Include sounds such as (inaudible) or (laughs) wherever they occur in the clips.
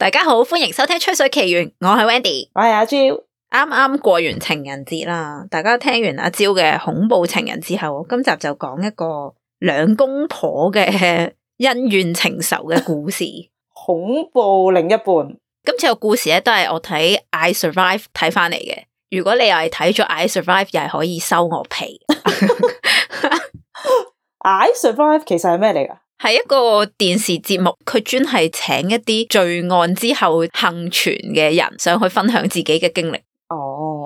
大家好，歡迎收聽《吹水奇緣》，我係 Wendy，我係阿蕉。啱啱過完情人節啦，大家聽完阿蕉嘅恐怖情人之後，我今集就講一個兩公婆嘅恩怨情仇嘅故事。恐怖另一半，今次嘅故事咧都係我睇《I Survive》睇翻嚟嘅。如果你又係睇咗《I Survive》，又係可以收我皮。 (laughs) 《I Survive》其實係咩嚟㗎？係一個電視節目，佢專係請一啲罪案之後幸存嘅人，上去分享自己嘅經歷。哦、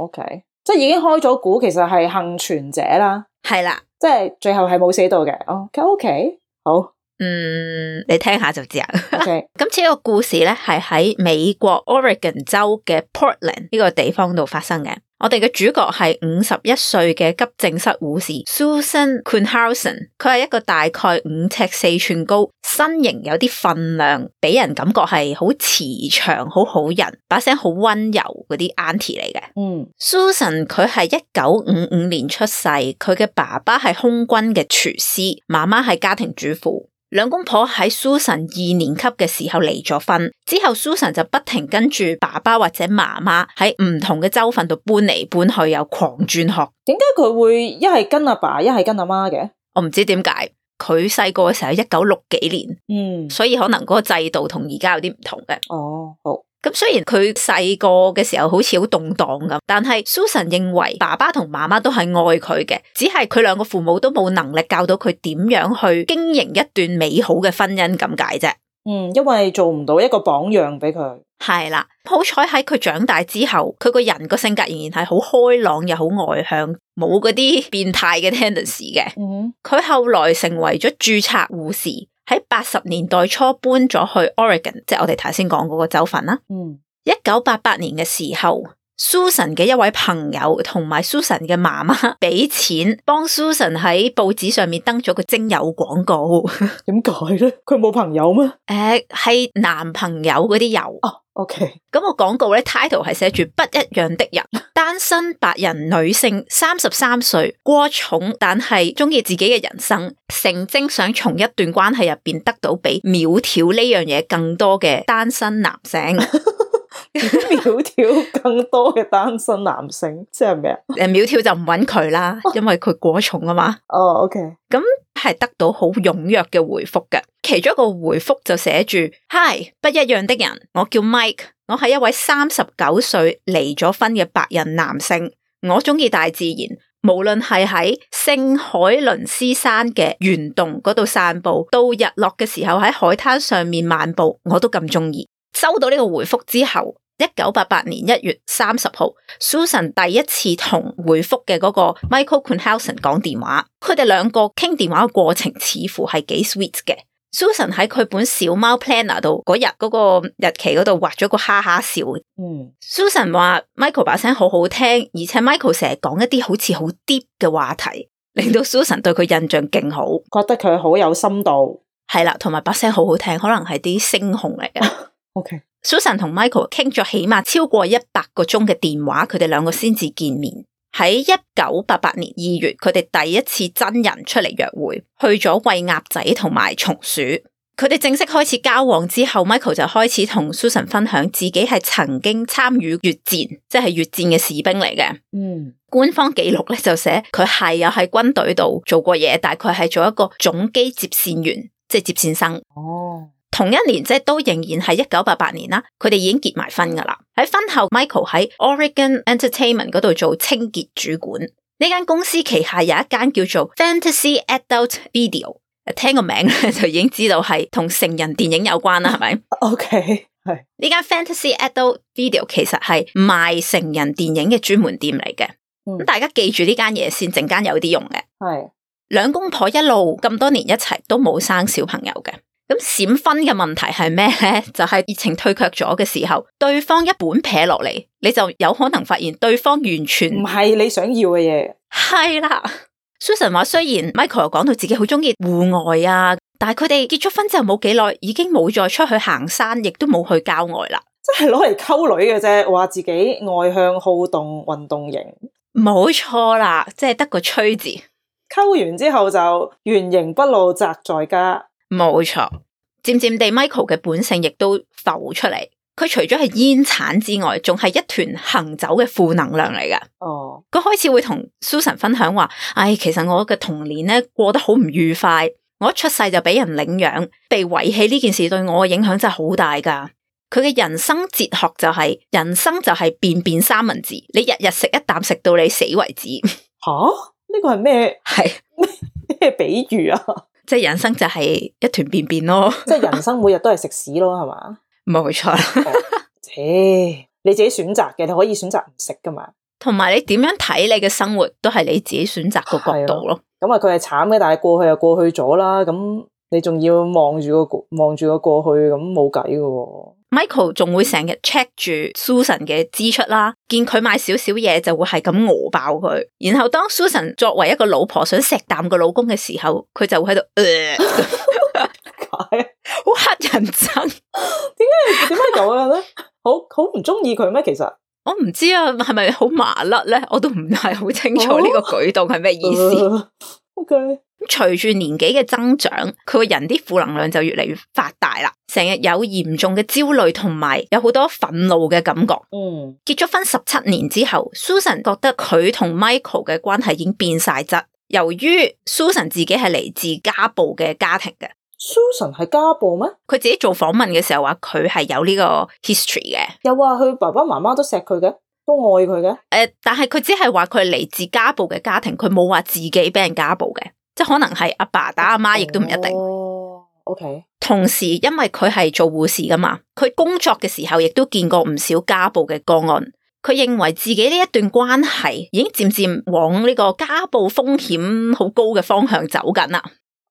oh，OK，即係已經開咗估，其實係幸存者啦。係啦，即係最後係冇死到嘅。哦 okay，OK，好。嗯，你聽下就知啦。咁，今次個故事咧係喺美國 Oregon 州嘅 Portland 呢個地方度發生嘅。我哋嘅主角係五十一歲嘅急症室護士 Susan Quinhausen。佢係一個大概五尺四寸高，身形有啲分量，俾人感覺係好慈祥，好好人，把聲好溫柔嗰啲 Auntie 嚟嘅。嗯、mm.，Susan 佢係一九五五年出世，佢嘅爸爸係空軍嘅廚師，媽媽係家庭主婦。兩公婆喺 Susan 二年級嘅時候離咗婚，之後 Susan 就不停跟住爸爸或者媽媽喺唔同嘅州份度搬嚟搬去，又狂轉學。點解佢會一係跟阿爸，爸，一係跟阿媽嘅？我唔知點解。佢細個嘅時候，一九六幾年，嗯，所以可能嗰個制度同而家有啲唔同嘅。哦，好。咁雖然佢細個嘅時候好似好動盪咁，但係 Susan 認為爸爸同媽媽都係愛佢嘅，只係佢兩個父母都冇能力教到佢點樣去經營一段美好嘅婚姻咁解啫。嗯，因為做唔到一個榜樣俾佢。係啦，好彩喺佢長大之後，佢個人個性格仍然係好開朗又好外向，冇嗰啲變態嘅 tendency 嘅。嗯哼，佢後來成為咗註冊護士。喺八十年代初搬咗去 Oregon，即係我哋頭先講嗰個州份啦。一九八八年嘅時候，Susan 嘅一位朋友同埋 Susan 嘅媽媽俾錢幫 Susan 喺報紙上面登咗個徵友廣告。點解咧？佢冇朋友咩？誒，uh, 係男朋友嗰啲友 O K，咁個廣告咧，title 係寫住不一樣的人，單身白人女性，三十三歲，過重，但係中意自己嘅人生，誠徵想從一段關係入邊得到比苗條呢樣嘢更多嘅單身男性，比 (laughs) 苗條 (laughs) 更多嘅單身男性，即係咩啊？誒，苗條就唔揾佢啦，因為佢過重啊嘛。哦，O K，咁係得到好踊躍嘅回覆嘅。其中一個回覆就寫住：Hi，不一樣的人，我叫 Mike，我係一位三十九歲離咗婚嘅白人男性，我中意大自然，無論係喺聖海倫斯山嘅岩洞嗰度散步，到日落嘅時候喺海灘上面漫步，我都咁中意。收到呢個回覆之後，一九八八年一月三十號，Susan 第一次同回覆嘅嗰個 Michael Kuhnhausen 講電話，佢哋兩個傾電話嘅過程似乎係幾 sweet 嘅。Susan 喺佢本小貓 planner 度嗰日嗰個日期嗰度畫咗個哈哈笑。嗯，Susan 話 Michael 把聲好好聽，而且 Michael 成日講一啲好似好 deep 嘅話題，令到 Susan 對佢印象勁好，覺得佢好有深度。係啦，同埋把聲好好聽，可能係啲聲控嚟嘅。 (laughs) (laughs) OK，Susan Okay. 同 Michael 傾咗起碼超過一百個鐘嘅電話，佢哋兩個先至見面。喺一九八八年二月，佢哋第一次真人出嚟約會，去咗喂鴨仔同埋松鼠。佢哋正式開始交往之後，Michael 就開始同 Susan 分享自己係曾經參與越戰，即係越戰嘅士兵嚟嘅。嗯，官方記錄咧就寫佢係有喺軍隊度做過嘢，大概係做一個總機接線員，即係接線生。哦。同一年即都仍然係一九八八年啦，佢哋已經結埋婚噶啦。喺婚後，Michael 喺 Oregon Entertainment 嗰度做清潔主管。呢間公司旗下有一間叫做 Fantasy Adult Video，聽個名咧就已經知道係同成人電影有關啦，係咪？OK，係呢間 Fantasy Adult Video 其實係賣成人電影嘅專門店嚟嘅。咁、嗯、大家記住呢間嘢先，陣間有啲用嘅。係兩公婆一路咁多年一齊都冇生小朋友嘅。咁閃婚嘅問題係咩咧？就係、是、熱情退卻咗嘅時候，對方一本撇落嚟，你就有可能發現對方完全唔係你想要嘅嘢。係啦，Susan 話，雖然 Michael 講到自己好中意戶外啊，但係佢哋結咗婚之後冇幾耐，已經冇再出去行山，亦都冇去郊外啦，即係攞嚟溝女嘅啫。話自己外向好動，運動，運動型，冇錯啦，即係得個吹字。溝完之後就原形不露宅在家。冇錯，漸漸地 Michael 嘅本性亦都浮出嚟。佢除咗係煙鏟之外，仲係一團行走嘅負能量嚟㗎。哦，佢開始會同 Susan 分享話：，唉、哎，其實我嘅童年呢過得好唔愉快。我一出世就俾人領養，被遺棄呢件事對我嘅影響真係好大㗎。佢嘅人生哲學就係、是：，人生就係便便三文治，你日日食一啖食到你死為止。吓、oh?，呢個係咩？係咩咩比喻啊？即係人生就係一團便便咯，即係人生每日都係食屎咯，係嘛？冇錯，係你自己選擇嘅，你可以選擇唔食噶嘛。同埋你點樣睇你嘅生活，都係你自己選擇個角度咯。咁啊、嗯，佢係慘嘅，但係過去又過去咗啦，咁、嗯。你仲要望住個過望住個過去咁冇計嘅喎，Michael 仲會成日 check 住 Susan 嘅支出啦，見佢買少少嘢就會係咁餓爆佢，然後當 Susan 作為一個老婆想錫啖個老公嘅時候，佢就會喺度、呃，解？好乞人憎，點解點解咁樣咧？好好唔中意佢咩？其實我唔知啊，係咪好麻甩咧？我都唔係好清楚呢個舉動係咩意思。哦 (laughs) 佢咁隨住年紀嘅增長，佢個人啲負能量就越嚟越發大啦，成日有嚴重嘅焦慮同埋有好多憤怒嘅感覺。嗯，結咗婚十七年之後，Susan 覺得佢同 Michael 嘅關係已經變晒質。由於 Susan 自己係嚟自家暴嘅家庭嘅，Susan 係家暴咩？佢自己做訪問嘅時候話佢係有呢個 history 嘅，又話佢爸爸媽媽都錫佢嘅。都愛佢嘅，誒，但係佢只係話佢嚟自家暴嘅家庭，佢冇話自己俾人家暴嘅，即係可能係阿爸打阿媽，亦都唔一定。哦，OK，同時因為佢係做護士噶嘛佢工作嘅時候亦都見過唔少家暴嘅個案，佢認為自己呢一段關係已經漸漸往呢個家暴風險好高嘅方向走緊啦。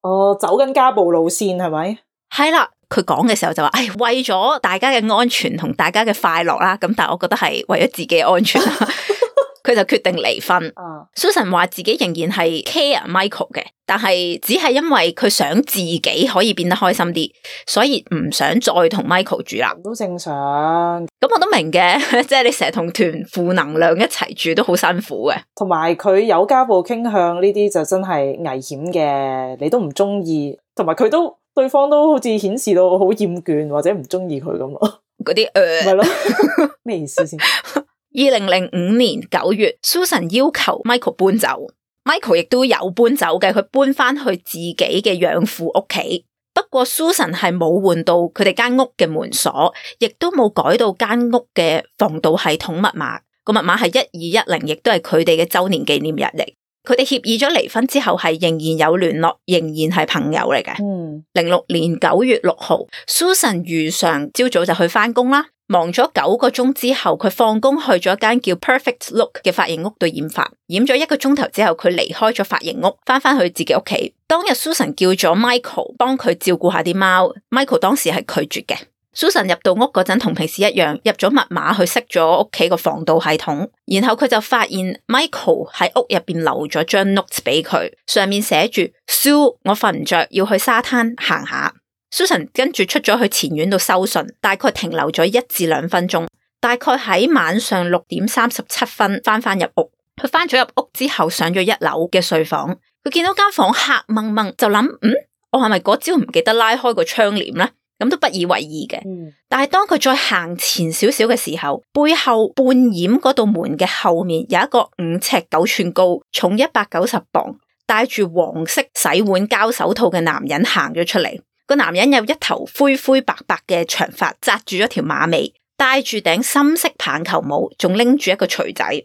哦，走緊家暴路線係咪？係啦。佢講嘅時候就話：唉，為咗大家嘅安全同大家嘅快樂啦，咁但係我覺得係為咗自己嘅安全，佢 (laughs) 就決定離婚。 (laughs) Susan 話自己仍然係 care Michael 嘅，但係只係因為佢想自己可以變得開心啲，所以唔想再同 Michael 住啦。都正常，咁、嗯、我都明嘅，即係你成日同團負能量一齊住都好辛苦嘅。同埋佢有家暴傾向呢啲就真係危險嘅，你都唔中意，同埋佢都。對方都好似顯示到好厭倦或者唔鍾意佢咁咯，嗰啲誒，係咩意思先？二零零五年九月，Susan 要求 Michael 搬走，Michael 亦都有搬走嘅，佢搬返去自己嘅養父屋企。不過 Susan 係冇換到佢哋間屋嘅門鎖，亦都冇改到間屋嘅防盜系統密碼。個密碼係一二一零，亦都係佢哋嘅周年紀念日嚟。佢哋協議咗離婚之後，係仍然有聯絡，仍然係朋友嚟嘅。嗯，零六年九月六號，Susan 如常朝早就去翻工啦，忙咗九個鐘之後，佢放工去咗間叫 Perfect Look 嘅髮型屋度染髮，染咗一個鐘頭之後，佢離開咗髮型屋，翻翻去自己屋企。當日 Susan 叫咗 Michael 幫佢照顧下啲貓，Michael 當時係拒絕嘅。Susan 入到屋嗰陣同平時一樣，入咗密碼去熄咗屋企個防盜系統，然後佢就發現 Michael 喺屋入邊留咗張 notes 俾佢，上面寫住 Susan，我瞓唔着，要去沙灘行下。Susan 跟住出咗去前院度收信，大概停留咗一至兩分鐘，大概喺晚上六點三十七分翻翻入屋。佢翻咗入屋之後上咗一樓嘅睡房，佢見到間房黑掹掹，就諗，嗯，我係咪嗰朝唔記得拉開個窗簾呢？咁都不以為意嘅，但係當佢再行前少少嘅時候，背後半掩嗰道門嘅後面有一個五尺九寸高、重一百九十磅、戴住黃色洗碗膠手套嘅男人行咗出嚟。個男人有一頭灰灰白白嘅長髮紮住咗條馬尾，戴住頂深色棒球帽，仲拎住一個錘仔。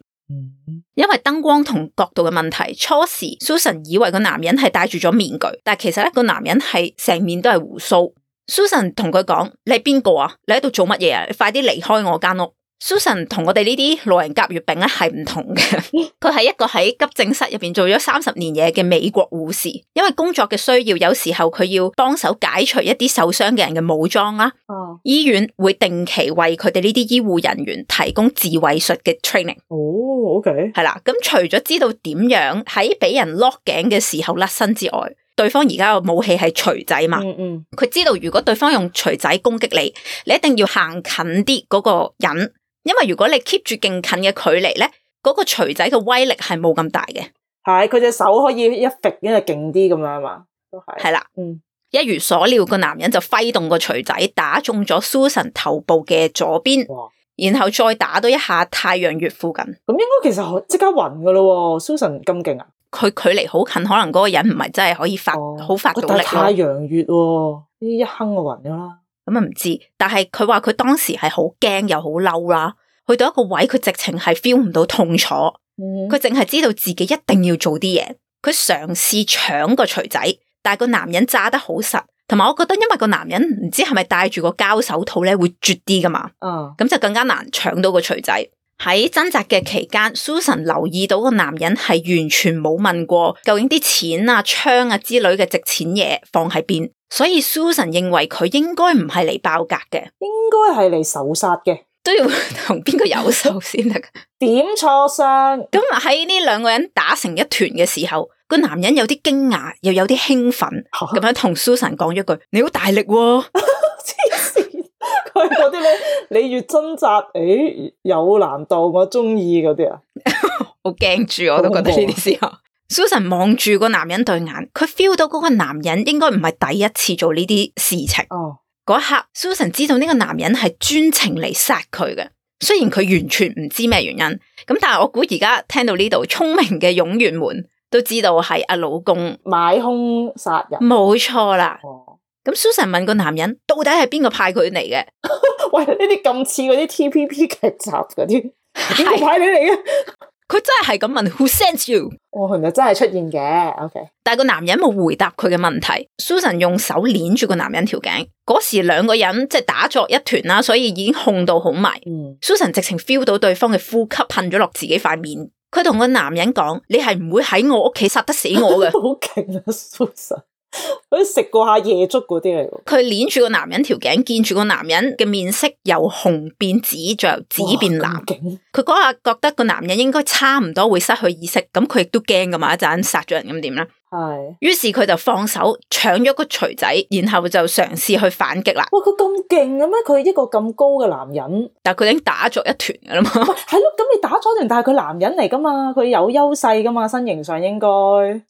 因為燈光同角度嘅問題，初時 Susan 以為個男人係戴住咗面具，但其實呢個男人係成面都係鬍鬚。Susan 同佢講：你係邊個啊？你喺度做乜嘢啊？你快啲離開我間屋！Susan 同我哋呢啲老人甲乙丙咧係唔同嘅。佢 (laughs) 係一個喺急症室入邊做咗三十年嘢嘅美國護士，因為工作嘅需要，有時候佢要幫手解除一啲受傷嘅人嘅武裝啊！Oh. 醫院會定期為佢哋呢啲醫護人員提供自衛術嘅 training。哦，oh，OK。係啦，咁除咗知道點樣喺俾人 lock 頸嘅時候甩身之外。對方而家個武器係錘仔嘛，佢、嗯嗯、知道如果對方用錘仔攻擊你，你一定要行近啲嗰、嗰個人，因為如果你 keep 住勁近嘅距離咧，嗰、嗰個錘仔嘅威力係冇咁大嘅。係佢隻手可以一甩，因為勁啲咁樣啊嘛，都係係啦。嗯，一如所料，個男人就揮動個錘仔打中咗 Susan 頭部嘅左邊，哇然後再打到一下太陽穴附近。咁應該其實即刻暈噶咯，Susan 咁勁啊！佢距離好近，可能嗰個人唔係真係可以發好、哦、發到力咯、嗯。但係太陽穴呢一坑個暈啦，咁啊唔知。但係佢話佢當時係好驚又好嬲啦，去到一個位佢直情係 feel 唔到痛楚，佢淨係知道自己一定要做啲嘢。佢嘗試搶個錘仔，但係個男人揸得好實，同埋我覺得因為個男人唔知係咪戴住個膠手套咧會絕啲噶嘛，咁、嗯、就更加難搶到個錘仔。喺掙扎嘅期間，Susan 留意到個男人係完全冇問過究竟啲錢啊、槍啊之類嘅值錢嘢放喺邊，所以 Susan 認為佢應該唔係嚟爆格嘅，應該係嚟搜殺嘅，都要同邊個有仇先得。 (laughs) 點錯相？咁喺呢兩個人打成一團嘅時候，個男人有啲驚訝，又有啲興奮，咁樣同 Susan 講咗句，你好大力喎。 (laughs) 啲咧， (laughs) 你越掙扎，誒、哎、有難度，我中意嗰啲啊，好驚住我都覺得呢啲時候。Susan 望住個男人對眼，佢 feel 到嗰個男人應該唔係第一次做呢啲事情。哦、oh.，嗰刻 Susan 知道呢個男人係專程嚟殺佢嘅，雖然佢完全唔知咩原因。咁但係我估而家聽到呢度，聰明嘅勇員們都知道係阿老公買兇殺人，冇錯啦。Oh. 咁 Susan 問個男人到底係邊個派佢嚟嘅？喂，是呢啲咁似嗰啲 T P P 劇集嗰啲，點解派你嚟嘅？佢真係係咁問，Who sent you？哦，係咪真係出現嘅，OK。但係個男人冇回答佢嘅問題。Susan 用手捏住個男人條頸，嗰時兩個人即係打作一團啦，所以已經控到好埋。Mm. Susan 直情 feel 到對方嘅呼吸噴咗落自己塊面。佢同個男人講：你係唔會喺我屋企殺得死我嘅？ (laughs) 好勁啊，Susan！佢食 (laughs) 過下夜粥嗰啲嚟，佢捻住個男人條頸，見住個男人嘅面色由紅變紫，着紫變藍。佢嗰下覺得個男人應該差唔多會失去意識，咁佢亦都驚噶嘛？一陣殺咗人咁點咧？係是。於是佢就放手搶咗個錘仔，然後就嘗試去反擊啦。喂，佢咁勁嘅咩？佢一個咁高嘅男人，但係佢已經打咗一團噶啦嘛。係咯，咁你打咗團，但係佢男人嚟噶嘛？佢有優勢噶嘛？身形上應該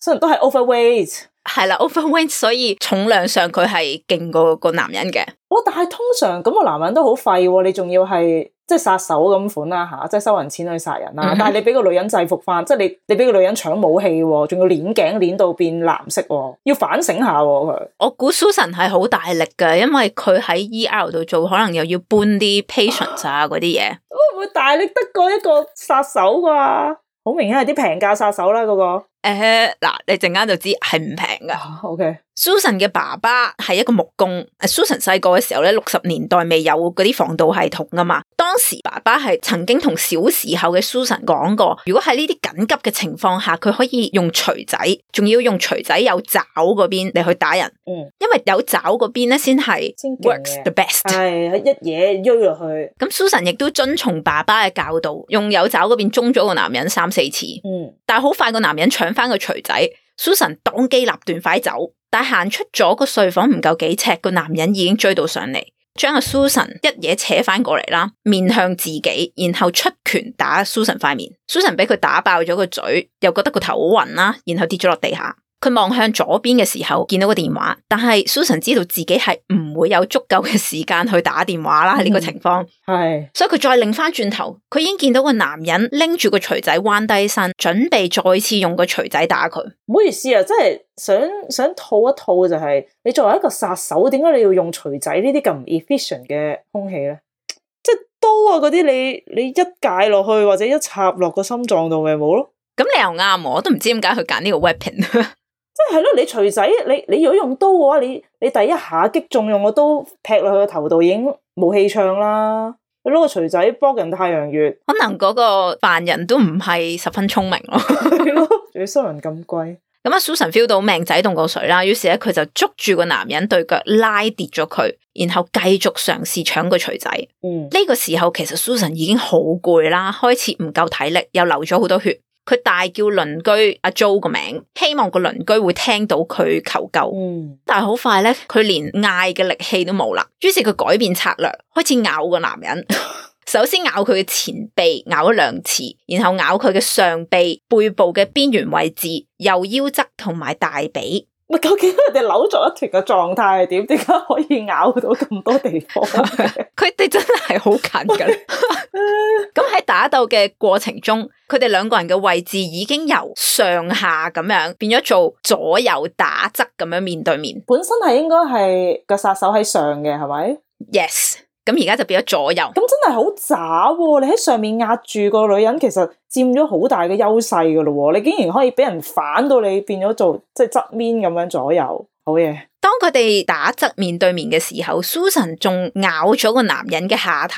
雖然都係 overweight。係啦，overweight，所以重量上佢係勁過個男人嘅。哇、哦！但係通常咁個男人都好廢、哦，你仲要係即係殺手咁款啦吓，即係、啊、收人錢去殺人啦、啊。嗯、哼但係你俾個女人制服翻，即係你你俾個女人搶武器、哦，仲要鏈頸鏈到變藍色、哦，要反省下佢、哦。我估 Susan 係好大力嘅，因為佢喺 ER 度做，可能又要搬啲 patient 啊嗰啲嘢。啊、會唔會大力得過一個殺手啩、啊？好明顯係啲平價殺手啦，嗰個誒，嗱你陣間就知係唔平㗎。OK，Susan 嘅爸爸係一個木工，Susan 細個嘅時候咧，六十年代未有嗰啲防盜系統啊嘛。當時爸爸係曾經同小時候嘅 Susan 講過，如果喺呢啲緊急嘅情況下，佢可以用錘仔，仲要用錘仔有爪嗰邊嚟去打人。嗯，因為有爪嗰邊咧，先係 works the best。係、哎、一嘢喐落去。咁 Susan 亦都遵從爸爸嘅教導，用有爪嗰邊中咗個男人三四次。嗯，但係好快個男人搶翻個錘仔，Susan 當機立斷快走，但行出咗個睡房唔夠幾尺，個男人已經追到上嚟。將阿 Susan 一嘢扯翻過嚟啦，面向自己，然後出拳打 Susan 塊面，Susan 俾佢打爆咗個嘴，又覺得個頭好暈啦，然後跌咗落地下。佢望向左邊嘅時候，見到個電話，但係 Susan 知道自己係唔會有足夠嘅時間去打電話啦。呢、嗯、個情況係，是所以佢再擰翻轉頭，佢已經見到個男人拎住個錘仔彎低身，準備再次用個錘仔打佢。唔好意思啊，真係想想吐一吐就係、是，你作為一個殺手，點解你要用錘仔呢啲咁 efficient 嘅兇器咧？即係刀啊嗰啲，你你一解落去或者一插落個心臟度咪冇咯？咁你又啱，我都唔知點解佢揀呢個 weapon。即係咯，你錘仔，你你如果用刀嘅話，你你第一下擊中用個刀劈落去個頭度已經冇氣唱啦。你攞個錘仔波近太陽穴，可能嗰個犯人都唔係十分聰明咯。 (laughs) 收人咁貴，咁啊 Susan feel 到命仔凍過水啦，於是咧佢就捉住個男人對腳拉跌咗佢，然後繼續嘗試搶個錘仔。嗯，呢個時候其實 Susan 已經好攰啦，開始唔夠體力，又流咗好多血。佢大叫鄰居阿 Jo e 個名，希望個鄰居會聽到佢求救。嗯、但係好快咧，佢連嗌嘅力氣都冇啦。於是佢改變策略，開始咬個男人。 (laughs) 首先咬佢嘅前臂，咬咗兩次，然後咬佢嘅上臂、背部嘅邊緣位置、右腰側同埋大髀。究竟佢哋扭咗一團嘅狀態係點？點解可以咬到咁多地方？佢哋 (laughs) 真係好近噶。咁喺打鬥嘅過程中，佢哋兩個人嘅位置已經由上下咁樣變咗做左右打側咁樣面對面。本身係應該係個殺手喺上嘅，係咪？Yes。咁而家就變咗左右，咁真係好渣！你喺上面壓住個女人，其實佔咗好大嘅優勢噶咯，你竟然可以俾人反到你變咗做即係側面咁樣左右，好嘢！當佢哋打側面對面嘅時候，Susan 仲咬咗個男人嘅下體，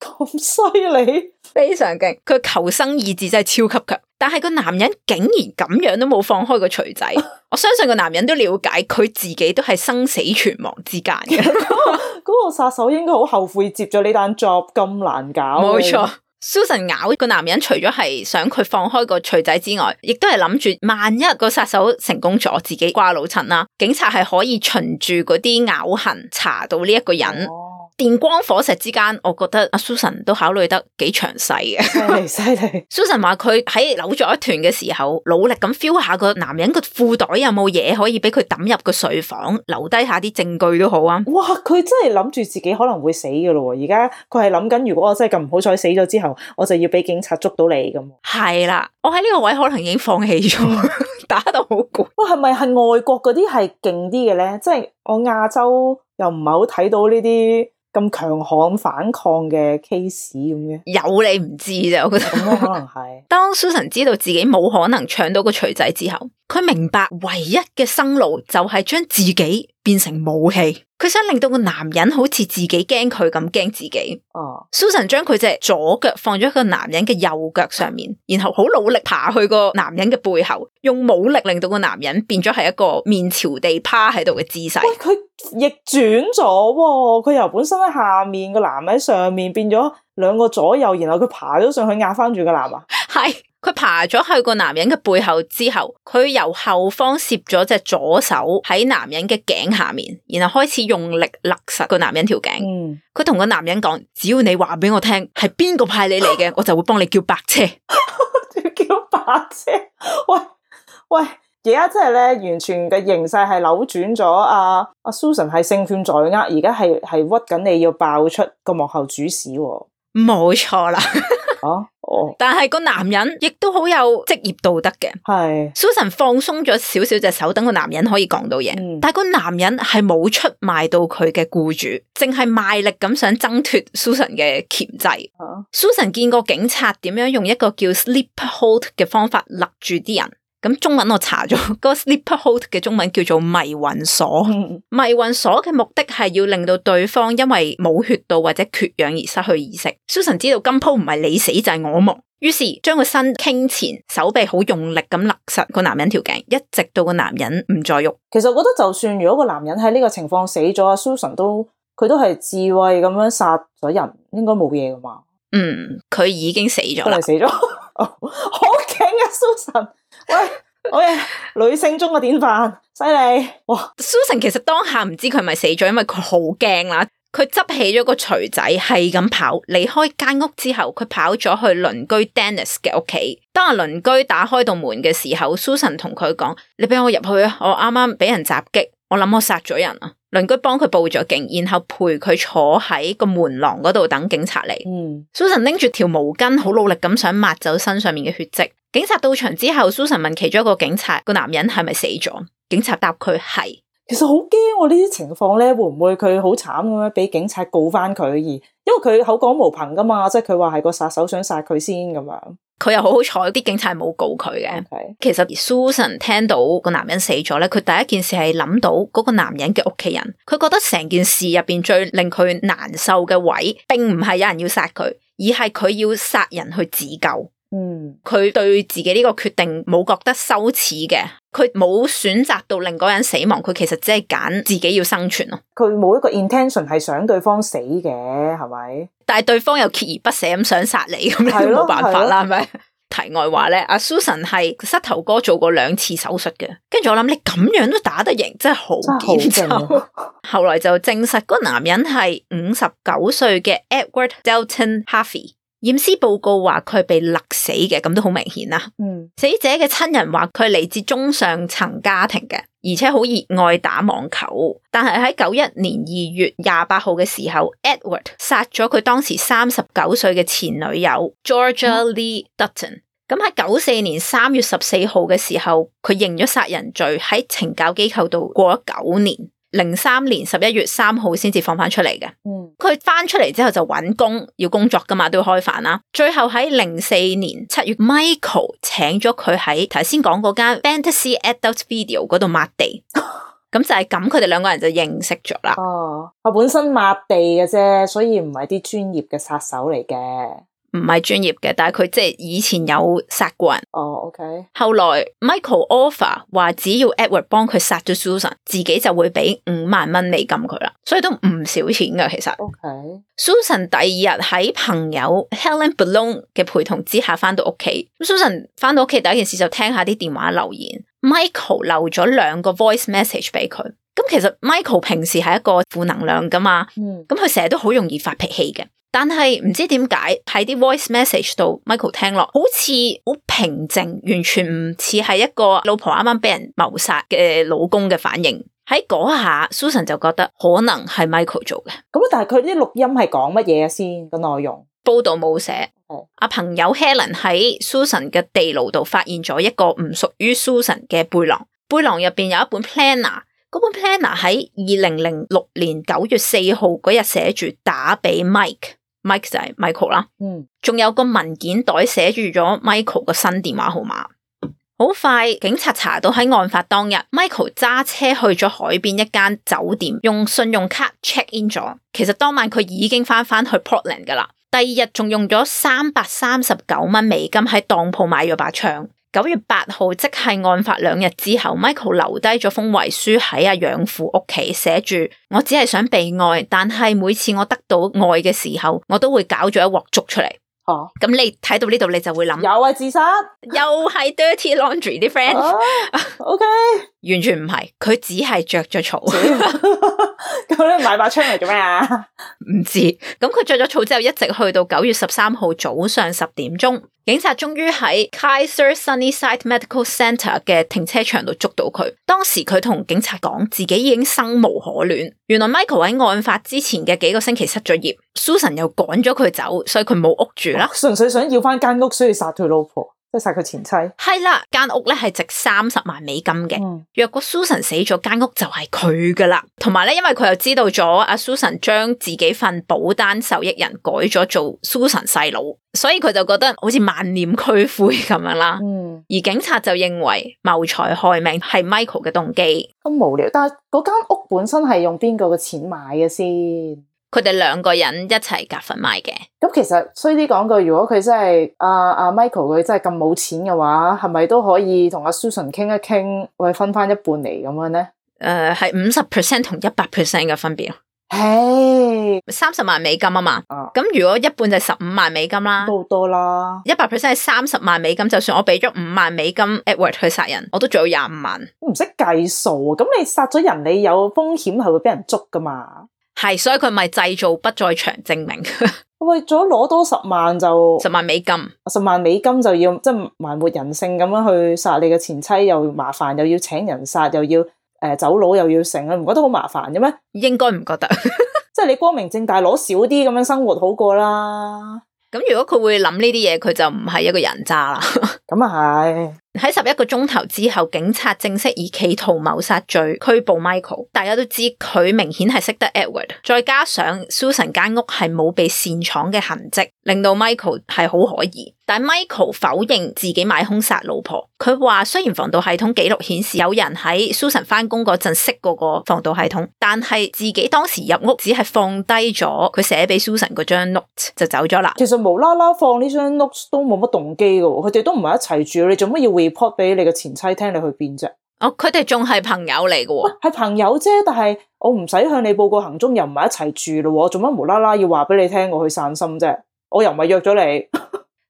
咁犀利！ (laughs) 厲 (laughs) 非常勁，佢求生意志真係超級強。但係個男人竟然咁樣都冇放開個錘仔， (laughs) 我相信個男人都了解，佢自己都係生死存亡之間嘅。嗰 (laughs) (laughs) 個殺手應該好後悔接咗呢單 job，咁難搞。冇錯，Susan 咬呢個男人，除咗係想佢放開個錘仔之外，亦都係諗住萬一個殺手成功咗，自己瓜老襯啦，警察係可以循住嗰啲咬痕查到呢一個人。 (laughs) 電光火石之間，我覺得阿 Susan 都考慮得幾詳細嘅，犀利！Susan 話佢喺扭咗一團嘅時候，努力咁 feel 下個男人個褲袋有冇嘢可以俾佢抌入個睡房，留低下啲證據都好啊！哇，佢真係諗住自己可能會死噶咯，而家佢係諗緊，如果我真係咁唔好彩死咗之後，我就要俾警察捉到你咁。係啦，我喺呢個位可能已經放棄咗， (laughs) 打到好攰。哇，係咪係外國嗰啲係勁啲嘅咧？即係我亞洲又唔係好睇到呢啲。咁強悍咁反抗嘅 case 咁嘅，有你唔知啫，我覺得可能係當 Susan 知道自己冇可能搶到個錘仔之後。佢明白唯一嘅生路就係將自己變成武器，佢想令到個男人好似自己驚佢咁驚自己。哦，Susan 將佢隻左腳放咗喺個男人嘅右腳上面，然後好努力爬去個男人嘅背後，用武力令到個男人變咗係一個面朝地趴喺度嘅姿勢。喂，佢逆轉咗，佢、哦、由本身喺下面個男喺上面變咗兩個左右，然後佢爬咗上去壓翻住個男啊，係。 (laughs) 佢爬咗去個男人嘅背後之後，佢由後方攝咗隻左手喺男人嘅頸下面，然後開始用力勒實個男人條頸。佢同、嗯、個男人講：只要你話俾我聽係邊個派你嚟嘅，我就會幫你叫白車。 (laughs) 叫白車，喂喂，而家真係咧，完全嘅形勢係扭轉咗、啊。阿、啊、阿 Susan 係勝券在握，而家係係屈緊你要爆出個幕後主使、啊。冇錯啦。 (laughs) 哦，但係個男人亦都好有職業道德嘅。係是，Susan 放鬆咗少少隻手，等個男人可以講到嘢。嗯、但係個男人係冇出賣到佢嘅雇主，淨係賣力咁想掙脱 Susan 嘅鉗制。啊、Susan 見過警察點樣用一個叫 slip hold 嘅方法勒住啲人。咁中文我查咗，個 sleeper hold 嘅中文叫做迷魂鎖。嗯、迷魂鎖嘅目的係要令到對方因為冇血度或者缺氧而失去意識。Susan 知道今鋪唔係你死就係我亡，嗯、於是將個身傾前，手臂好用力咁勒實個男人條頸，一直到個男人唔再喐。其實我覺得就算如果個男人喺呢個情況死咗，Susan 都佢都係智慧咁樣殺咗人，應該冇嘢噶嘛。嗯，佢已經死咗死咗，好 (laughs) 勁 (laughs) 啊，Susan！ (laughs) 喂，我嘅女性中嘅典範，犀利！哇，Susan 其實當下唔知佢係咪死咗，因為佢好驚啦。佢執起咗個錘仔，係咁跑離開間屋之後，佢跑咗去鄰居 Dennis 嘅屋企。當鄰居打開道門嘅時候，Susan 同佢講：你俾我入去啊！我啱啱俾人襲擊，我諗我殺咗人啊！鄰居幫佢報咗警，然後陪佢坐喺個門廊嗰度等警察嚟。嗯、Susan 拎住條毛巾，好努力咁想抹走身上面嘅血跡。警察到場之後，Susan 問其中一個警察：個男人係咪死咗？警察答佢係。其實好驚喎，呢啲情況咧，會唔會佢好慘咁樣俾警察告翻佢而？因為佢口講無憑噶嘛，即係佢話係個殺手想殺佢先咁樣。佢又好好彩，啲警察冇告佢嘅。Okay. 其實 Susan 聽到個男人死咗咧，佢第一件事係諗到嗰個男人嘅屋企人。佢覺得成件事入邊最令佢難受嘅位，並唔係有人要殺佢，而係佢要殺人去自救。嗯，佢對自己呢個決定冇覺得羞恥嘅，佢冇選擇到令嗰個人死亡，佢其實只係揀自己要生存咯。佢冇一個 intention 係想對方死嘅，係咪？但係對方又鍥而不捨咁想殺你，咁樣冇辦法啦，係咪的的？題外話咧，阿 Susan 係膝頭哥做過兩次手術嘅，跟住我諗你咁樣都打得贏，真係好勁。啊、後來就證實嗰男人係五十九歲嘅 Edward Dalton Harvey。驗屍報告話佢係被勒死嘅，咁都好明顯啦。嗯、死者嘅親人話佢嚟自中上層家庭嘅，而且好熱愛打網球。但係喺九一年二月廿八號嘅時候，Edward 殺咗佢當時三十九歲嘅前女友 Georgia，嗯、Lee Dutton。咁喺九四年三月十四號嘅時候，佢認咗殺人罪，喺懲教機構度過咗九年。零三年十一月三號先至放翻出嚟嘅，嗯，佢翻出嚟之後就搵工，要工作噶嘛，都要開飯啦。最後喺零四年七月，Michael 請咗佢喺頭先講嗰間 Fantasy Adult Video 嗰度抹地，咁 (laughs) 就係咁，佢哋兩個人就認識咗啦。哦，我本身抹地嘅啫，所以唔係啲專業嘅殺手嚟嘅。唔係專業嘅，但係佢即係以前有殺過人。哦、oh，OK。後來 Michael offer 話，只要 Edward 幫佢殺咗 Susan，自己就會俾五萬蚊美金佢啦，所以都唔少錢噶。其實，OK。Susan 第二日喺朋友 Helen Balloon 嘅陪同之下返到屋企。Susan 返到屋企第一件事就聽一下啲電話留言。Michael 留咗兩個 voice message 俾佢。咁其實 Michael 平時係一個負能量噶嘛。嗯。咁佢成日都好容易發脾氣嘅。但係唔知點解喺啲 voice message 度，Michael 聽落好似好平靜，完全唔似係一個老婆啱啱俾人謀殺嘅老公嘅反應。喺嗰下，Susan 就覺得可能係 Michael 做嘅。咁但係佢啲錄音係講乜嘢先個內容？報道冇寫。哦，朋友 Helen 喺 Susan 嘅地牢度發現咗一個唔屬於 Susan 嘅背囊，背囊入面有一本 planner，嗰本 planner 喺二零零六年九月四號嗰日那天寫住打俾 Mike。Mike 就係 Michael 啦，仲、嗯、有個文件袋寫住咗 Michael 個新電話號碼。好快，警察查到喺案發當日，Michael 揸車去咗海邊一間酒店，用信用卡 check in 咗。其實當晚佢已經翻翻去 Portland 噶啦，第二日仲用咗三百三十九蚊美金喺當鋪買咗把槍。九月八號，即係案發兩日之後，Michael 留低咗封遺書喺阿養父屋企，寫住：我只係想被愛，但係每次我得到愛嘅時候，我都會搞咗一鑊粥出嚟。哦，咁你睇到呢度你就會諗，又係自殺，又係 dirty laundry 啲 friend，OK，oh, okay。完全唔係，佢只係着咗草。咁 (laughs) (laughs) (laughs) 你買把槍嚟做咩啊？唔知。咁佢着咗草之後，一直去到九月十三號早上十點鐘，警察終於喺 Kaiser Sunny Side Medical Center 嘅停車場度捉到佢。當時佢同警察講自己已經生無可戀。原來 Michael 喺案發之前嘅幾個星期失咗業，Susan 又趕咗佢走，所以佢冇屋住。啦，純粹想要翻間屋，所以殺佢老婆，即係殺佢前妻。係啦，間屋咧係值三十萬美金嘅。嗯，若果 Susan 死咗，間屋就係佢噶啦。同埋咧，因為佢又知道咗阿 Susan 將自己份保單受益人改咗做 Susan 細佬，所以佢就覺得好似萬念俱灰咁樣啦。嗯，而警察就認為謀財害、害命係 Michael 嘅動機。咁無聊，但係嗰間屋本身係用邊個嘅錢買嘅先？佢哋兩個人一齊夾份買嘅，咁其實衰啲講句，如果佢真係阿阿 Michael 佢真係咁冇錢嘅話，係咪都可以同阿 Susan 傾一傾，喂分翻一半嚟咁樣咧？誒、呃，係五十 percent 同一百 percent 嘅分別，誒，三十萬美金啊嘛，咁、uh, 如果一半就十五萬美金啦，都好多，多啦，一百 percent 係三十萬美金，就算我俾咗五萬美金 Edward 去殺人，我都仲有廿五萬，唔識計數，咁你殺咗人，你有風險係會俾人捉噶嘛？係，所以佢咪製造不在場證明，為咗攞多十萬就十萬美金，十萬美金就要即係埋沒人性咁樣去殺你嘅前妻，又麻煩，又要請人殺，又要誒、呃、走佬，又要成啊，你唔覺得好麻煩嘅咩？應該唔覺得， (laughs) 即係你光明正大攞少啲咁樣生活好過啦。咁如果佢會諗呢啲嘢，佢就唔係一個人渣啦。咁啊係。喺十一個鐘頭之後，警察正式以企圖謀殺罪拘捕 Michael。大家都知佢明顯係識得 Edward，再加上 Susan 間屋係冇被擅闖嘅痕跡，令到 Michael 係好可疑。但 Michael 否認自己買兇殺老婆，佢話雖然防盜系統記錄顯示有人喺 Susan 翻工嗰陣識嗰個防盜系統，但係自己當時入屋只係放低咗佢寫俾 Susan 嗰張 notes 就走咗啦。其實無啦啦放呢張 notes 都冇乜動機嘅，佢哋都唔係一齊住，你做乜要俾你嘅前妻聽你去邊啫？哦，佢哋仲係朋友嚟嘅，係朋友啫。但係我唔使向你報告行蹤，又唔係一齊住咯。做乜無啦啦要話俾你聽我去散心啫？我又唔係約咗你。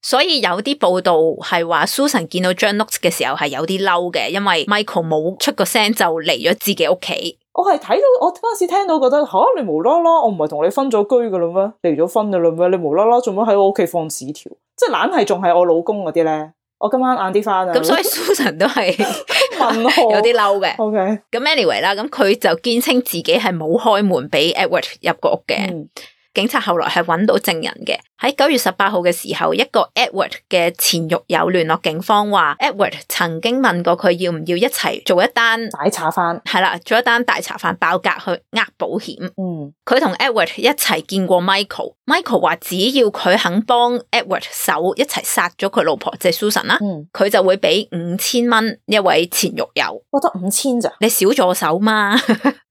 所以有啲報道係話 Susan 見到張 note 嘅時候係有啲嬲嘅，因為 Michael 冇出個聲就嚟咗自己屋企。我係睇到我嗰陣時聽到覺得，吓，你無啦啦，我唔係同你分咗居㗎啦咩？離咗婚㗎啦咩？你無啦啦做乜喺我屋企放紙條？即係懶係仲係我老公嗰啲咧？我今晚晏啲翻啊！咁 (laughs) 所以 Susan 都係 (laughs) 有啲嬲嘅。OK，咁 Anyway 啦，咁佢就堅稱自己係冇開門畀 Edward 入過屋嘅。嗯、警察後來係搵到證人嘅。喺九月十八號嘅時候，一個 Edward 嘅前獄友聯絡警方話，Edward 曾經問過佢要唔要一齊做一單大茶飯，係啦，做一單大茶飯爆格去呃保險。嗯，佢同 Edward 一齊見過 Michael，Michael 話 Michael 只要佢肯幫 Edward 手一齊殺咗佢老婆，即係 Susan 啦，佢、就是嗯、就會俾五千蚊一位前獄友。得五千咋？你少咗手嘛？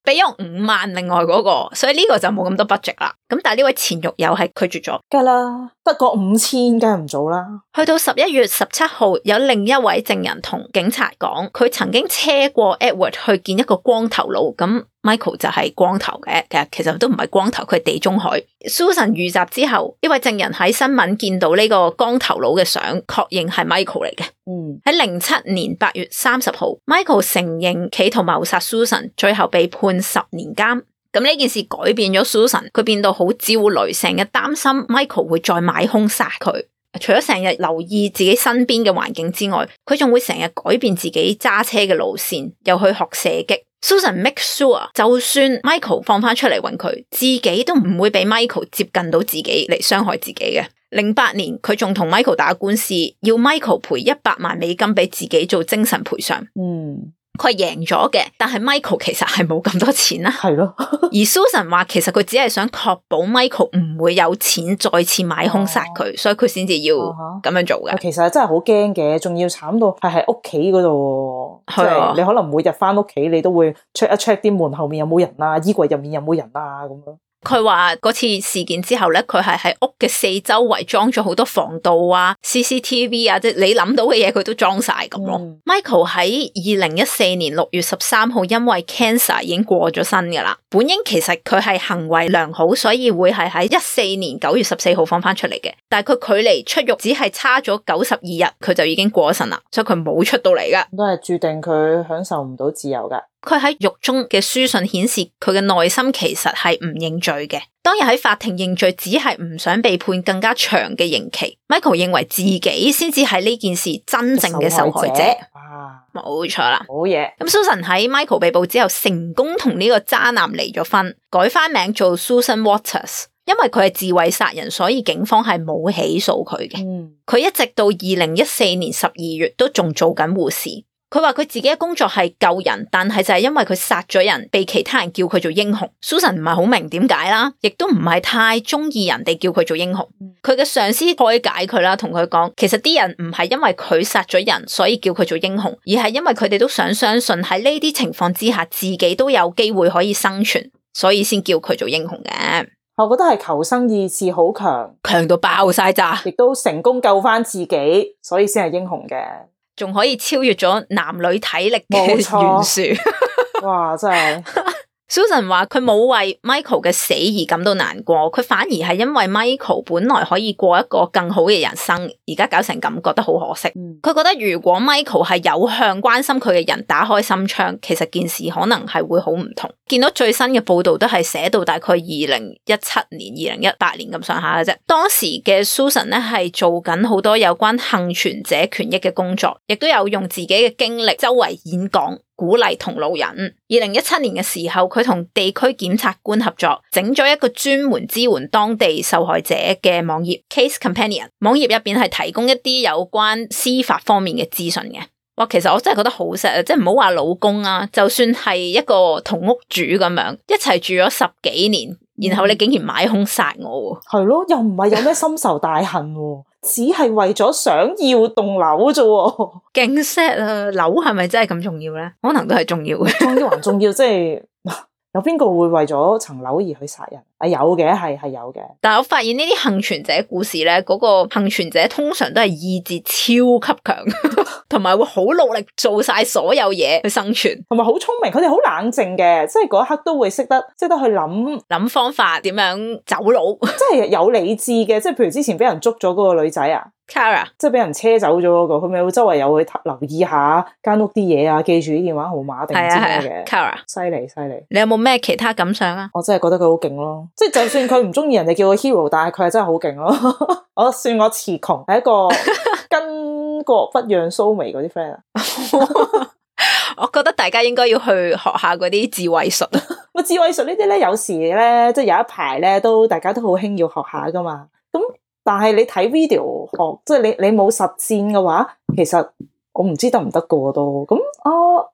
俾咗五萬，另外嗰、嗰個，所以呢個就冇咁多 budget 啦。咁但係呢位前獄友係拒絕咗。5000，不過五千，梗係唔早啦。去到十一月十七號，有另一位證人同警察講，佢曾經車過 Edward 去見一個光頭佬，咁 Michael 就係光頭嘅，其實都唔係光頭，佢係地中海。Susan 遇襲之後，呢位證人喺新聞見到呢個光頭佬嘅相，確認係 Michael 嚟嘅。嗯，喺零七年八月三十號，Michael 承認企圖謀殺 Susan，最後被判十年監。咁呢件事改變咗 Susan，佢變到好焦慮，成日擔心 Michael 會再買兇殺佢。除咗成日留意自己身邊嘅環境之外，佢仲會成日改變自己揸車嘅路線，又去學射擊。Susan make sure 就算 Michael 放返出嚟搵佢，自己都唔會俾 Michael 接近到自己嚟傷害自己嘅。零八年佢仲同 Michael 打官司，要 Michael 賠一百萬美金俾自己做精神賠償。嗯。佢係贏咗嘅，但係 Michael 其實係冇咁多錢啦。係咯，而 Susan 話其實佢只係想確保 Michael 唔會有錢再次買兇殺佢， (laughs) 所以佢先至要咁樣做嘅。 (laughs) 其實真係好驚嘅，仲要慘到係喺屋企嗰度，即係 (laughs) 你可能每日翻屋企你都會 check 一 check 啲門後面有冇人啊，衣櫃入面有冇人啊咁樣。佢話嗰次事件之後咧，佢係喺屋嘅四周圍裝咗好多防盜啊、CCTV 啊，即係你諗到嘅嘢，佢都裝晒。咁咯。Michael 喺二零一四年六月十三號因為 cancer 已經過咗身㗎啦，本應其實佢係行為良好，所以會係喺一四年九月十四號放翻出嚟嘅。但係佢距離出獄只係差咗九十二日，佢就已經過咗身啦，所以佢冇出到嚟噶，都係注定佢享受唔到自由噶。佢喺獄中嘅書信顯示，佢嘅內心其實係唔認罪嘅。當日喺法庭認罪，只係唔想被判更加長嘅刑期。Michael 認為自己先至係呢件事真正嘅受害者。啊，冇錯啦，好嘢。Susan 喺 Michael 被捕之後，成功同呢個渣男離咗婚，改翻名做 Susan Walters。因為佢係自衛殺人，所以警方係冇起訴佢嘅。嗯，佢一直到二零一四年十二月都仲做緊護士。佢話佢自己嘅工作係救人，但係就係因為佢殺咗人，被其他人叫佢做英雄。Susan 唔係好明點解啦，亦都唔係太中意人哋叫佢做英雄。佢嘅上司可以開解佢啦，同佢講，其實啲人唔係因為佢殺咗人所以叫佢做英雄，而係因為佢哋都想相信喺呢啲情況之下，自己都有機會可以生存，所以先叫佢做英雄嘅。我覺得係求生意志好強，強到爆晒咋，亦都成功救翻自己，所以先係英雄嘅。仲可以超越咗男女體力嘅懸殊錯， (laughs) 哇！真係。 (laughs) Susan 話佢冇為 Michael 嘅死而感到難過，佢反而係因為 Michael 本來可以過一個更好嘅人生，而家搞成咁覺得好可惜。佢覺得如果 Michael 係有向關心佢嘅人打開心窗，其實件事可能係會好唔同。見到最新嘅報道都係寫到大概二零一七年、二零一八年咁上下嘅啫。當時嘅 Susan 呢係做緊好多有關幸存者權益嘅工作，亦都有用自己嘅經歷周圍演講。鼓勵同路人。二零一七年嘅時候，佢同地區檢察官合作，整咗一個專門支援當地受害者嘅網頁 Case Companion。網頁入邊係提供一啲有關司法方面嘅資訊嘅。哇，其實我真係覺得好 sad 啊！即係唔好話老公啊，就算係一個同屋主咁樣，一齊住咗十幾年，然後你竟然買凶殺我，係咯、嗯？又唔係有咩深仇大恨喎？只係為咗想要棟樓啫喎，勁 sad 啊！樓係咪真係咁重要咧？可能都係重要嘅，重要還重要，即係、 (laughs) 就是。有邊個會為咗層樓而去殺人？啊，有嘅，係係有嘅。但係我發現呢啲幸存者故事咧，嗰個幸存者通常都係意志超級強，同 (laughs) 埋會好努力做晒所有嘢去生存，同埋好聰明。佢哋好冷靜嘅，即係嗰一刻都會識得識得去諗諗方法，點樣走佬，即 (laughs) 係有理智嘅。即係譬如之前俾人捉咗嗰個女仔啊。Cara，即係俾人車走咗嗰個，佢咪會周圍有去留意下間屋啲嘢啊，記住啲電話號碼定之類嘅。Cara，犀利犀利。Cara, 你有冇咩其他感想啊？我真係覺得佢好勁咯，即係就算佢唔中意人哋叫我 hero，但係佢係真係好勁咯。 (laughs) 我算我詞窮，係一個巾幗不讓鬚眉嗰啲 friend 啊。 (laughs) (laughs) 我覺得大家應該要去學下嗰啲智慧術啊。咁 (laughs) 智慧術呢啲咧，有時咧，即係有一排咧，都大家都好興要學下㗎嘛。但係你睇 video 學、哦，即係你你冇實戰嘅話，其實我唔知得唔得噶喎都。咁啊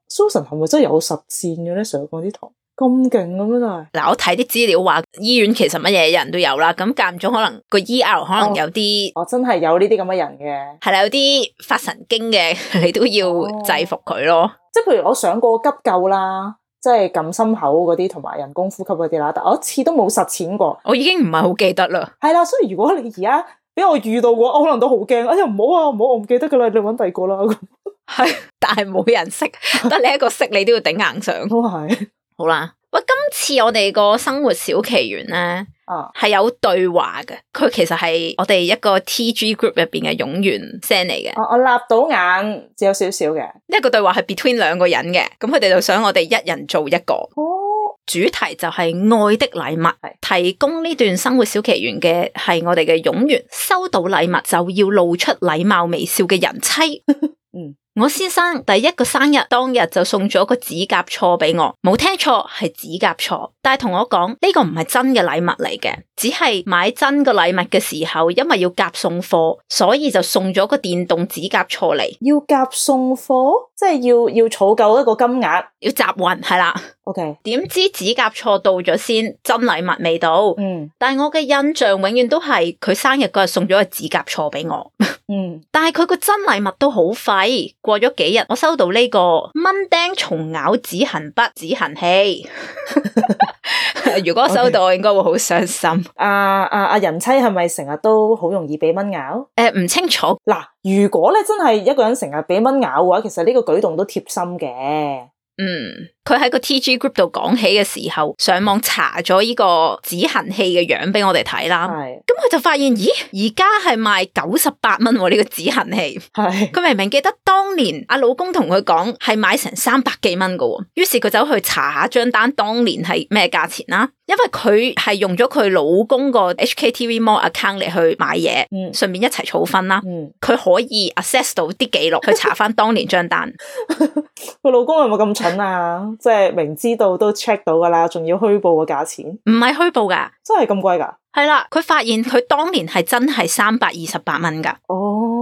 ，Susan 係咪真係有實戰嘅咧，上過啲堂咁勁咁樣就係。嗱，我睇啲資料話，醫院其實乜嘢人都有啦。咁間唔中可能個 e、ER、l 可能有啲，哦，我真係有呢啲咁嘅人嘅，係啦，有啲發神經嘅，你都要制服佢咯。哦、即係譬如我上過急救啦。即係撳心口嗰啲，同埋人工呼吸嗰啲啦，但我一次都冇實踐過。我已經唔係好記得啦。係啦，所以如果你而家俾我遇到我，我可能都好驚。哎呀，唔好啊，唔好、啊，我唔記得噶啦，你揾第個啦。係 (laughs) (laughs) 但係冇人識，得你一個識，你都要頂硬上都係是。好啦，喂，今次我哋個生活小奇懸咧。哦，係有對話嘅，佢其實係我哋一個 TG group 入邊嘅勇員 send 嚟嘅。哦，我立到眼只有少少嘅，一個對話係 between 兩個人嘅，咁佢哋就想我哋一人做一個。哦，主題就係愛的禮物，是提供呢段生活小奇懸嘅係我哋嘅勇員，收到禮物就要露出禮貌微笑嘅人妻。 (laughs) 嗯。我先生第一個生日當日就送咗個指甲銼俾我，冇聽錯，係指甲銼，但係同我講呢個唔係真嘅禮物嚟嘅，只係買真個禮物嘅時候，因為要夾送貨，所以就送咗個電動指甲銼嚟。要夾送貨？即係要要儲夠一個金額，要集運係啦。O K，點知指甲锉到咗先，真禮物未到。嗯，但係我嘅印象永遠都係佢生日嗰日送咗個指甲锉俾我。嗯，但係佢個真禮物都好廢過咗幾日，我收到呢、這個蚊釘蟲咬止痕筆止痕器。 (laughs) (laughs) 如果收到，Okay. 應該會好傷心。阿阿阿人妻係咪成日都好容易俾蚊咬？誒，唔清楚嗱。如果咧真係一個人成日俾蚊咬嘅話，其實呢個舉動都貼心嘅。嗯，佢喺個 TG Group 度講起嘅時候，上網查咗呢個止痕器嘅樣俾我哋睇啦。係是，咁佢就發現，咦，而家係賣九十八蚊呢個止痕器。係是，佢明明記得當年阿老公同佢講係買成三百幾蚊嘅，於是佢走去查下張單當年係咩價錢啦、啊。因為佢係用咗佢老公個 HKTV Mall account 嚟去買嘢，順、嗯、便一齊儲分啦。佢、嗯、可以 access 到啲記錄， (laughs) 去查翻當年賬單。佢 (laughs) 老公有冇咁蠢啊？ (laughs) 即係明知道都 check 到噶啦，仲要虛報個價錢？唔係虛報噶，真係咁貴噶。係啦， (laughs) 佢發現佢當年係真係三百二十八蚊噶。Oh.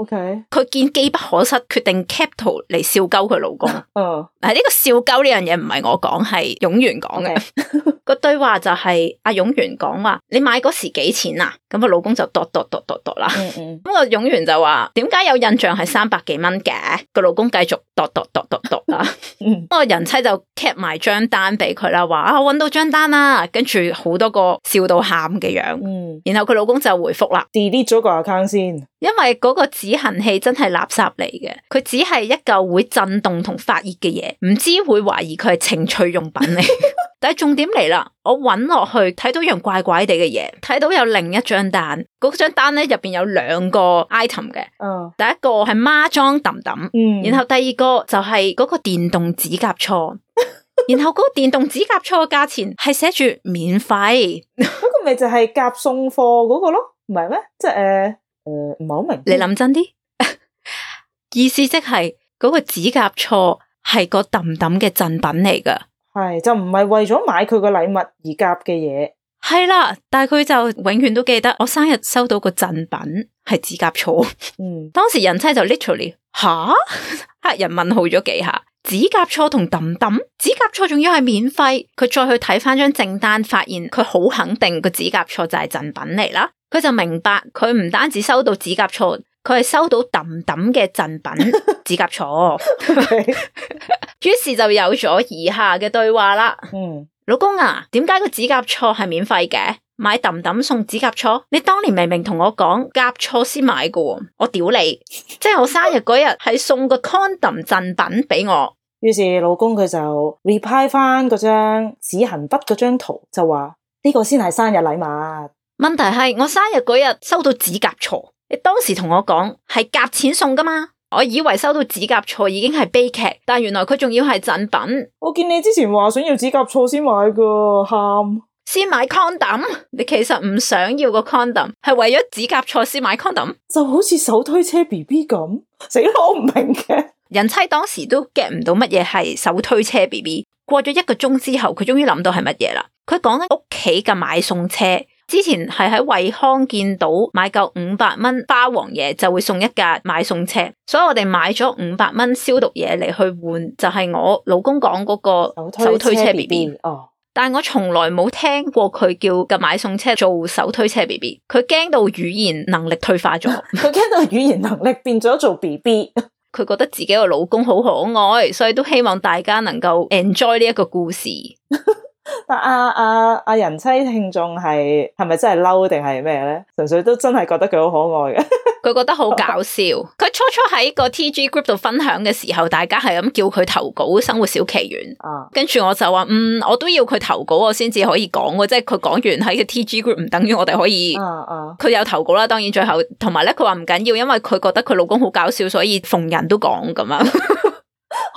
O K，佢見機不可失，決定 cap 圖嚟笑鳩佢老公。嗯，係呢個笑鳩呢樣嘢唔係我講，係勇元講嘅。個對話就係阿勇元講話：你買嗰時幾錢啊？咁個老公就剁剁剁剁剁啦。咁個勇元就話：點解有印象係三百幾蚊嘅？個老公繼續剁剁剁剁剁啦。嗯。咁個人妻就 c a p 埋張單俾佢啦，話啊我搵到張單啦，跟住好多個笑到喊嘅樣。嗯。然後佢老公就回覆啦，delete 咗個 account 先。因為嗰個止痕器真係垃圾嚟嘅，佢只係一嚿會震動同發熱嘅嘢，唔知會懷疑佢係情趣用品嚟。 (laughs) 但係重點嚟啦，我搵落去睇到樣怪怪哋嘅嘢，睇到有另一張單，嗰張單咧入邊有兩個 item 嘅，哦、第一個係孖裝揼揼，嗯、然後第二個就係嗰個電動指甲銼， (laughs) 然後嗰個電動指甲銼嘅價錢係寫住免費，嗰 (laughs) 個咪就係夾送貨嗰個咯，唔係咩？即係誒。呃誒，唔係好明。你諗真啲， (laughs) 意思即係嗰個指甲銼係個氹氹嘅贈品嚟噶，係就唔係為咗買佢個禮物而夾嘅嘢，係啦。 (laughs) 但係佢就永遠都記得我生日收到個贈品係指甲銼。嗯， (laughs) 當時人妻就 literally 吓，黑 (laughs) 人問號咗幾下，指甲銼同氹氹，指甲銼仲要係免費。佢再去睇翻張正單，發現佢好肯定個指甲銼就係贈品嚟啦。佢就明白，佢唔單止收到指甲銼，佢係收到氹氹嘅贈品指甲銼。於是就有咗以下嘅對話啦。嗯，老公啊，點解個指甲銼係免費嘅？買氹氹送指甲銼？你當年明明同我講甲銼先買嘅，我屌你！即係我生日嗰日係送個 condom 贈品俾我。於是老公佢就 repair 翻嗰張紙痕筆嗰張圖，就話呢個先係生日禮物。問題係我生日嗰日收到指甲銼，你當時同我講係夾錢送噶嘛？我以為收到指甲銼已經係悲劇，但原來佢仲要係贈品。我見你之前話想要指甲銼先買噶，喊先買 condom，你其實唔想要個 condom，係為咗指甲銼先買 condom，就好似手推車 B B 咁，死了我唔明嘅。人妻當時都 get 唔到乜嘢係手推車 B B，過咗一個鐘之後，佢終於諗到係乜嘢啦？佢講緊屋企嘅買餸車。之前係喺惠康見到買夠五百蚊花王嘢就會送一架買送車，所以我哋買咗五百蚊消毒嘢嚟去換，就係、是、我老公講嗰個手推車 B B。哦，但係我從來冇聽過佢叫嘅買送車做手推車 B B，佢驚到語言能力退化咗，佢驚到語言能力變咗做 B B，佢覺得自己個老公好可愛，所以都希望大家能夠 enjoy 呢一個故事。 (laughs) 但阿阿阿人妻聽眾係係咪真係嬲定係咩咧？純粹都真係覺得佢好可愛嘅，佢覺得好搞笑。佢 (laughs) 初初喺個 T G group 度分享嘅時候，大家係咁叫佢投稿《生活小奇懸》啊，跟住我就話嗯，我都要佢投稿，我先至可以講。即係佢講完喺個 T G group，唔等於我哋可以。佢、啊啊、有投稿啦，當然最後同埋咧，佢話唔緊要，因為佢覺得佢老公好搞笑，所以逢人都講咁啊。 (laughs)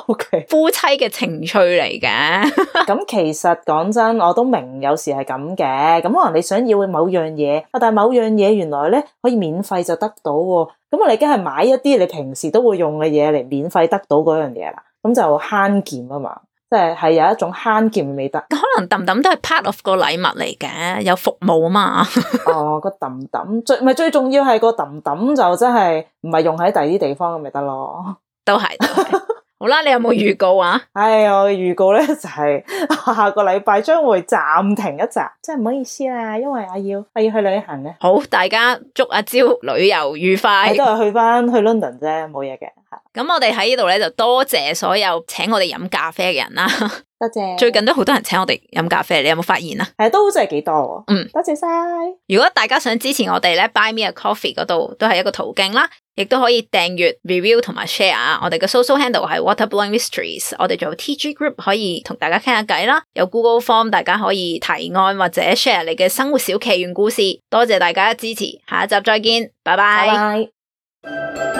O Okay , K，夫妻嘅情趣嚟嘅，咁 (laughs) 其實講真，我都明有時係咁嘅，咁可能你想要嘅某樣嘢，啊，但係某樣嘢原來咧可以免費就得到，咁我哋而家係買一啲你平時都會用嘅嘢嚟免費得到嗰樣嘢啦，咁就慳儉啊嘛，即係係有一種慳儉嘅美德。咁可能抌抌」都係 part of 個禮物嚟嘅，有服務啊嘛。 (laughs) 哦，個抌抌」，最唔係最重要係個抌抌」就真係唔係用喺第二啲地方咁咪得咯，都係。 (laughs) 好啦，你有冇預告啊？唉、 (laughs) 哎，我，預告呢就係、是，下個禮拜將會暫停一集，真係唔好意思啦，因為我要我要去旅行嘅。好，大家祝阿招旅遊愉快， (laughs) 哎，都係去返去 London 啫，冇嘢嘅。咁我哋喺呢度咧，就多謝所有請我哋飲咖啡嘅人啦謝。多謝 (laughs) 最近都好多人請我哋飲咖啡，你有冇發現啊？係啊，都好，真係幾多。嗯，多謝晒。如果大家想支持我哋咧，Buy Me a Coffee 嗰度都係一個途徑啦。亦都可以訂閱、review 同埋 share。我哋嘅 social handle 係 Water Blowing Mysteries。我哋仲有 TG Group 可以同大家傾下偈啦。有 Google Form 大家可以提案或者 share 你嘅生活小奇懸故事。多謝大家支持，下一集再見，拜拜。Bye bye